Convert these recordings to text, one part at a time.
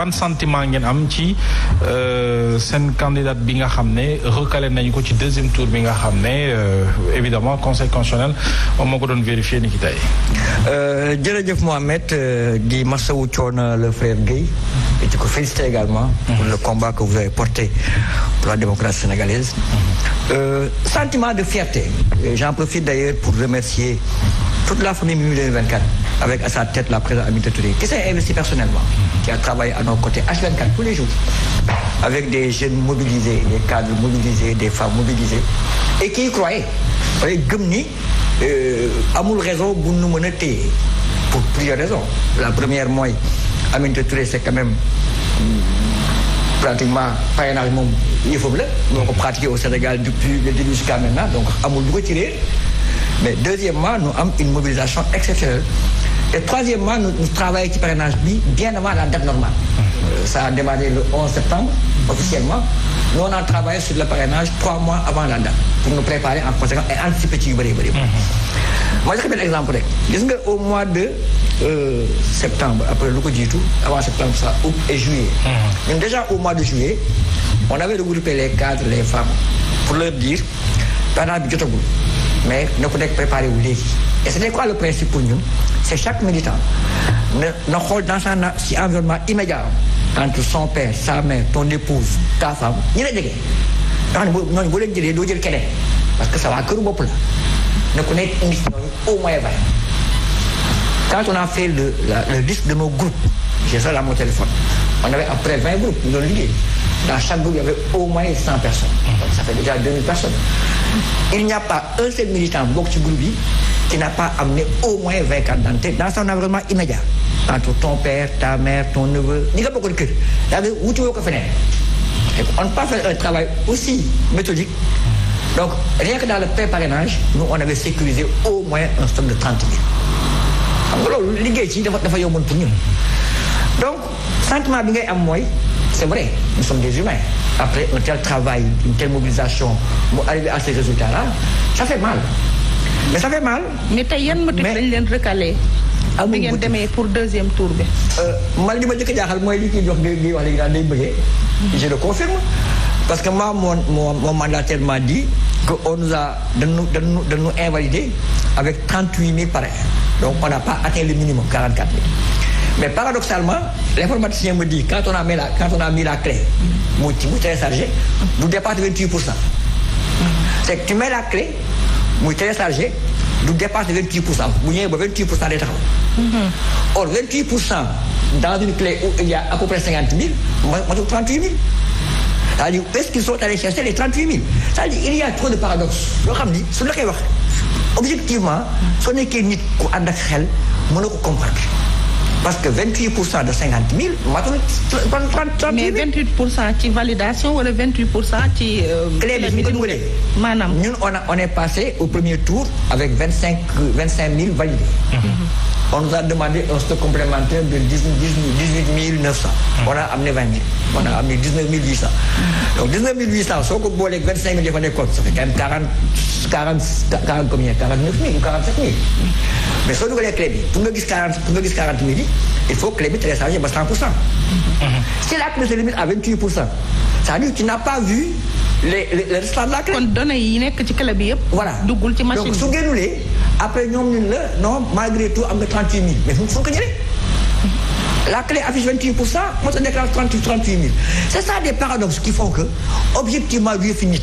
ban sentiment ngeen am ci euh, sen candidat bi nga xamné recalé nañ ko ci deuxième tour bi nga euh, évidemment conseil constitutionnel On ko done vérifier niki tay euh jërëjëf Mohamed di euh, masawu le frère gay, et ci ko féliciter également. pour le combat que vous avez porté pour la démocratie sénégalaise. sentiment de fierté. J'en profite d'ailleurs pour remercier toute la famille 2024 avec à sa tête la présidente Amine Touré, qui s'est investi personnellement, qui a travaillé à nos côtés H24 tous les jours, avec des jeunes mobilisés, des cadres mobilisés, des femmes mobilisées, et qui y croyaient. Et ni euh, amoul raison bu nous pour plusieurs raisons la première moi, Touré c'est quand même pratiquement pas un faut le, nous le pratiqué au Sénégal depuis le début jusqu'à maintenant donc amoul nous retirer mais deuxièmement nous avons une mobilisation exceptionnelle et troisièmement, nous, travaillons sur le parrainage bien avant la date normale. Euh, ça a démarré le 11 septembre, officiellement. Nous, on a travaillé sur le parrainage trois mois avant la date, pour nous préparer en conséquence et anticiper vous yu bëri mhm. Moi, je vais un exemple au mois de euh, septembre après le coup du tout, avant septembre ça août et juillet. Mhm. déjà au mois de juillet on avait regroupé les cadres les femmes pour leur dire pendant le groupe, mais nous ko préparer préparer les et c'était quoi le principe pour nous c'est chaque militant dans son environnement immédiat entre son père sa mère ton épouse ta femme il est dégagé. On ne peut pas dire qu'il parce que ça va que beaucoup là ne connaît au moins 20. quand on a fait le disque de nos groupes j'ai ça dans mon téléphone on avait après 20 groupes on dans chaque groupe il y avait au moins 100 personnes ça fait déjà 2000 personnes il n'y a pas un seul militant beaucoup qui n'a pas amené au moins 20 Dans dans son environnement immédiat. Entre ton père, ta mère, ton neveu, n'y a pas de cœur. Où tu veux qu'on On ne peut pas faire un travail aussi méthodique. Donc, rien que dans le père parrainage nous, on avait sécurisé au moins un stock de 30 000. Donc, sentiment bi à am c'est vrai nous sommes des humains après un tel travail une telle mobilisation pour arriver à ces résultats là ça fait mal mais ça fait mal. mais tey yan motif lañ leen recalé. amul bi ngeen demee pour deuxième tour bi. Euh, man li ma njëkk a jaaxal mooy li kii jox ngay ngay wax léegi daal day bëggee. je le confirme parce que ma mon mon mon mandataire m'a dit que on nous a dañu dañu dañu invalidé avec 38 000 parrain donc on n'a pas atteint le minimum 44 000. mais paradoxalement l'informaticien me dit quand on a mis la quand on a mis la clé. mu mu téléchargé. du dépasse 28 pour cent. c'est que tu moy téléchargé du dépasser 28 pour cent bu 28 des travaux. or 28 dans une clé où il y a à peu près 50 000 moi j'ai 38 000 cest dire est-ce qu'ils sont allés chercher les 38 000 C'est-à-dire, il y a trop de paradoxes. Objectivement, ce n'est qu'une nuit qu'on a fait, on ne comprend pas. Parce que 28% de 50 000, euh, on 30 000. Mais 28% de validation ou 28% qui clé Nous, Nous on est passé au premier tour avec 25 000 validés. Mhm. on nous a demandé un stock complémentaire de 18 900. Mhm. on a amené 20 000. on a amené 19 800. Mhm. donc 19 800 que pour les 25 000 ça fait quand même 40 40 40 combien 49 000 ou 47 000. mais ça, on a a pour nous pour nous dis 40 000 il faut que les les à 100%. Si la clé se limite à 28%, ça veut dire que tu n'as pas vu les, les, les résultats de la clé. yi clé voilà Donc, si machine donc après nous ñun non malgré tout on nga 38 000 mais il faut que nous. La clé affiche 28%, moi je déclare 38, 38 000. C'est ça des paradoxes qui font que, objectivement, est finit.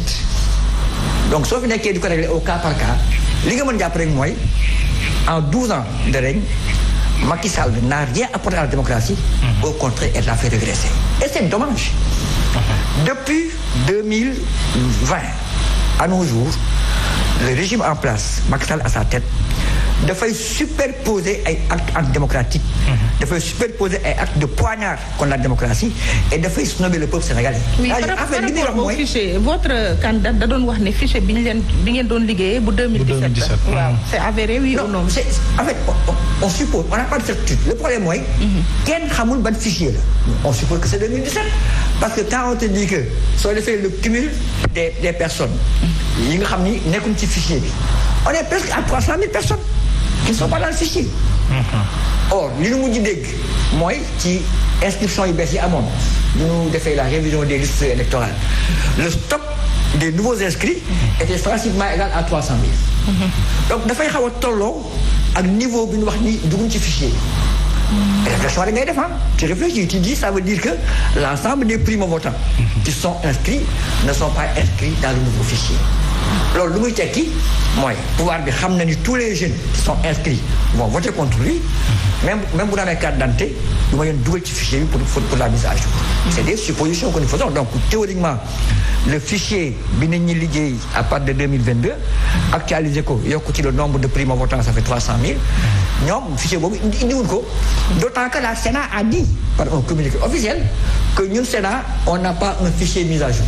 Donc, sauf une qui est au cas par cas, les gens apprennent moi, en 12 ans de règne, Macky Sall n'a rien apporté à la démocratie. Mhm. Au contraire, elle l'a fait régresser. Et c'est dommage. Mhm. Depuis 2020, à nos jours, le régime en place, Macky Sall à sa tête, faire superposer un acte antidémocratique, mhm. de faire superposer un acte de poignard contre la démocratie et de faire snobber le peuple sénégalais. oui par rapport au fichier votre candidat da le wax fichier bi ñu 2017. c'est avéré oui ou non. en fait on suppose on n'a pas de certitude le problème mooy. Mhm. kenn xamul ban fichier on suppose que c'est 2017 parce que quand on te dit que a fait le cumul des personnes mhm. Il nga a ni fichier on est presque à 300 000 personnes ne sont pas dans le fichier. Mhm. or nous nous disons, moi, Moi, ci inscription yu à yi Nous, nous ñu la révision des listes électorales le stock des nouveaux inscrits mhm. était sensiblement égal à 300 000 mhm. donc dafay un a long ak niveau de ñu wax ni fichier hein. tu réfléchis tu dis ça veut dire que l'ensemble des primo-votants qui sont inscrits ne sont pas inscrits dans le nouveau fichier alors, lui est qui moi pouvoir bi tous les jeunes qui sont inscrits vont voter contre lui même même vous avez cadre carte d'identité voyons ma un fichier pour pour la mise à jour c'est des suppositions que nous faisons donc théoriquement le fichier bi à partir de 2022 actualisé il a ci le nombre de en votant, ça fait 300 000 le fichier boobu d'autant que la Sénat a dit par un communiqué officiel que nous Sénat on n'a pas un fichier mis à jour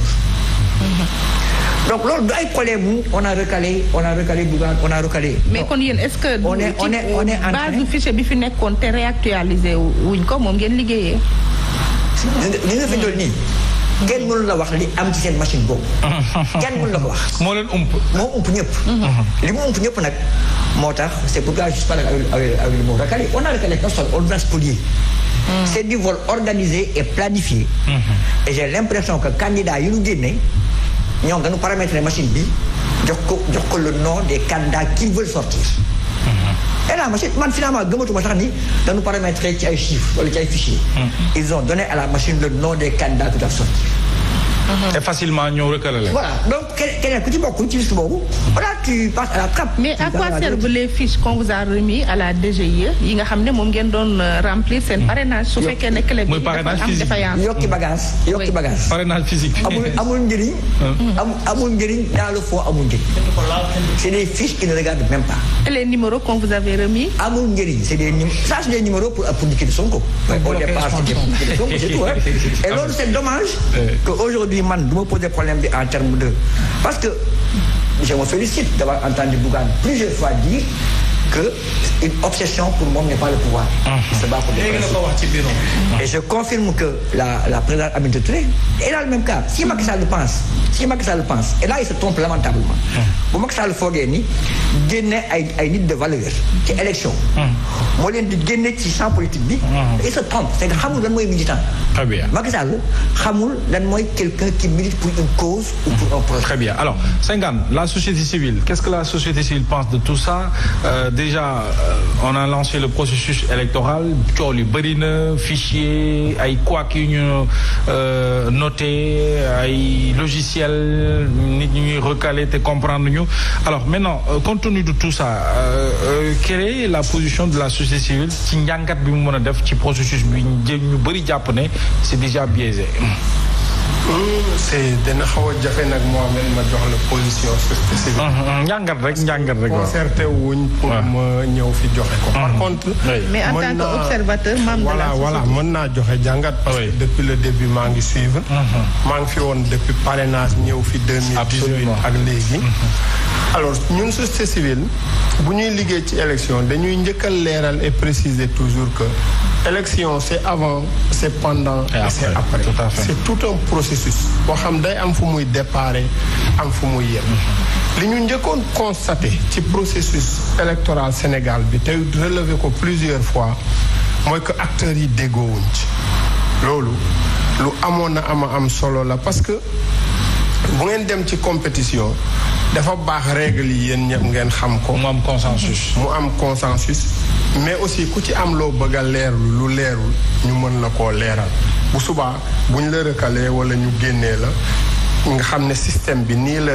donc loolu du ay problème on a recalé on a recalé on a recalé. mais kon y est ce que. on est on est on est en base du fichier bi fi nekkoon te réactualisé ou ko moom ngeen liggéeyee. li nga fi doon nii. kenn mënu la wax li am ci seen machine boobu. kenn mënul la ko wax. moo leen ump. moo ump ñëpp. li mu ump ñëpp nag moo tax c'est pourquoi je parle avec avec le mot recalé on a recalé personne on doit spolier. Hmm. c'est du vol organisé et planifié. Hmm. et j'ai l'impression que candidat yu ñu génne ñoom dañu paramétrer machine bi jox ko jox ko le nom des candidats qui veulent sortir. Mhm. et la machine man finalement gëmatuma sax ni dañu paramétrer ci ay chiffres wala ci ay fichiers. Mhm. ils ont donné à la machine le nom des candidats qui doivent sortir. Et facilement nous recalé voilà donc keneen ku ci ci liste voilà tu passes à la trappe. mais à quoi servent les fiches qu'on vous a remis à la DGIE Il y a ne moom qui doon remplir seen parrainage su fekkee ne clé bi dafa am défaillance. yokki bagage yokki bagage. parrainage physique. amul amul amul dans le fond amul c'est des fiches qui ne regardent même pas. et les numéros qu'on vous avait remis. amul c'est des ça c'est des numéros pour pour liquider Sonko. au départ c'est tout et loolu c'est dommage que de me poser problème en termes de parce que je me félicite d'avoir entendu Bougane plusieurs fois dire que une obsession pour monde n'est pas le pouvoir. Mhm. il se bat pour et je confirme que la la présidente Aminata Touré est dans le même cas si Macky Sall le pense si Macky Sall le pense et là il se trompe lamentablement. Pour mhm. Macky Sall faut ni génne ay ay nit de valeur ci élection. Mhm. moo de di génne ci champ politique il se trompe c'est que Hamoul, d'un est militant. très bien Macky Sall hamoul est quelqu'un qui milite pour une cause ou pour un projet. très bien alors Senghane la société civile qu'est-ce que la société civile pense de tout ça euh, déjà. Euh, on a lancé le processus électoral les li les na fichier ay les euh, noté ay logiciel recalé te comprendre alors maintenant euh, compte tenu de tout ça quelle est la position de la société civile Si on a def ci processus bi ñu japonais, c'est déjà biaisé c'est de ma position hum, hum, rek rek concerté wuñ pour ma par hum, contre. mais en tant qu'observateur, voilà depuis le début ngi suivre. ngi fi depuis fi 2018 ak alors ñun civile bu ñuy ci élection dañuy Léral et préciser toujours que élection c'est avant c'est pendant et c'est après c'est tout un processus boo xam day am fu muy déparé am fu muy yem li ñu njëkkoon constaté ci processus électoral Sénégal bi te relevé ko plusieurs fois mooy que acteurs yi déggoowuñ ci loolu lu amoon na am am solo la parce que bu ngeen dem ci compétition dafa baax regl yi yéen ñëpp ngeen xam ko. mu am consensus. mu am consensus mais aussi ku ci am loo bëgg a leerlu lu leerul ñu mën la ko leeral bu subaa buñ la rëkkalee wala ñu génnee la. nga xam ne système bi nii la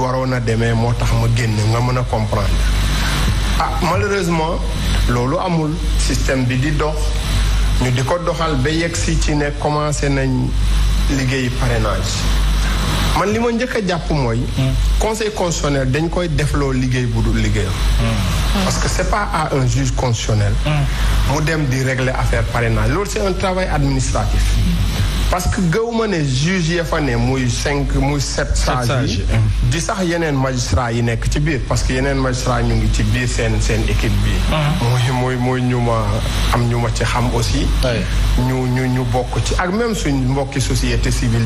waroon a demee moo tax ma génn nga mën a comprendre ah malheureusement loolu amul système bi di dox ñu di ko doxal ba yegg si ci ne commencé nañ liggéey parrainage man li ma njëkk a jàpp mooy. Hmm. conseil constitutionnel dañ koy defloo liggéey bu dul liggéeyam. Hmm. parce que c' est pas à un juge constitutionnel. Hmm. mu dem di régler affaire parrainage loolu c' est un travail administratif. parce que quand on juge ya fa ne sages hein. di sax magistrat yi ci parce que magistrat ñu ngi ci équipe bi ah. am ci xam aussi ñu ñu ñu ci société civile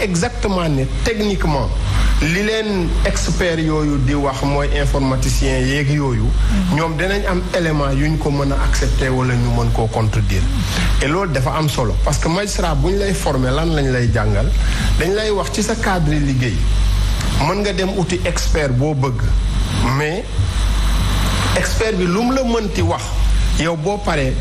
exactement techniquement li expert yoyu di wax moy informaticien Ils yoyu ñom dinañ am élément ko et solo parce que magistrat bu ñu lay former lan lañ lay jàngal dañ lay wax ci sa cadre liggéey mën nga dem uti expert boo bëgg mais expert bi lu mu la mënti wax yow boo paree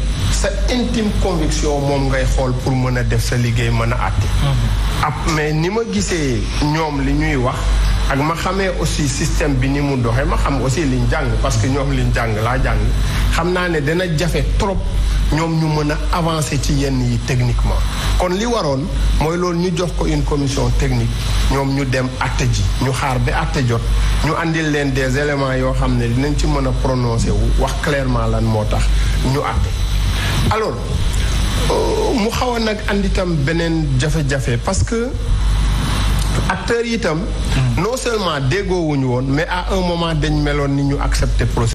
sa intime conviction moom ngay xool pour mën a def sa liggéey mën a àtte. Mm-hmm. mais ni ma gisee ñoom li ñuy wax. ak ma xamee aussi système bi ni mu doxee ma xam aussi liñ jàng parce que ñoom liñ jàng laa jàng xam naa ne dana jafe trop ñoom ñu mën a avancer ci yenn yi techniquement kon li waroon mooy loolu ñu jox ko une commission technique ñoom ñu dem atte ji ñu xaar bi atte jot ñu indil leen des éléments yoo xam ne dinañ ci mën a prononcer wu wax clairement lan moo tax ñu atte alors euh, mu xawa nag indi tam beneen jafe-jafe parce que acteurs yi itam non seulement déggoowuñu woon mais à un moment dañ meloon ni ñu accepter procès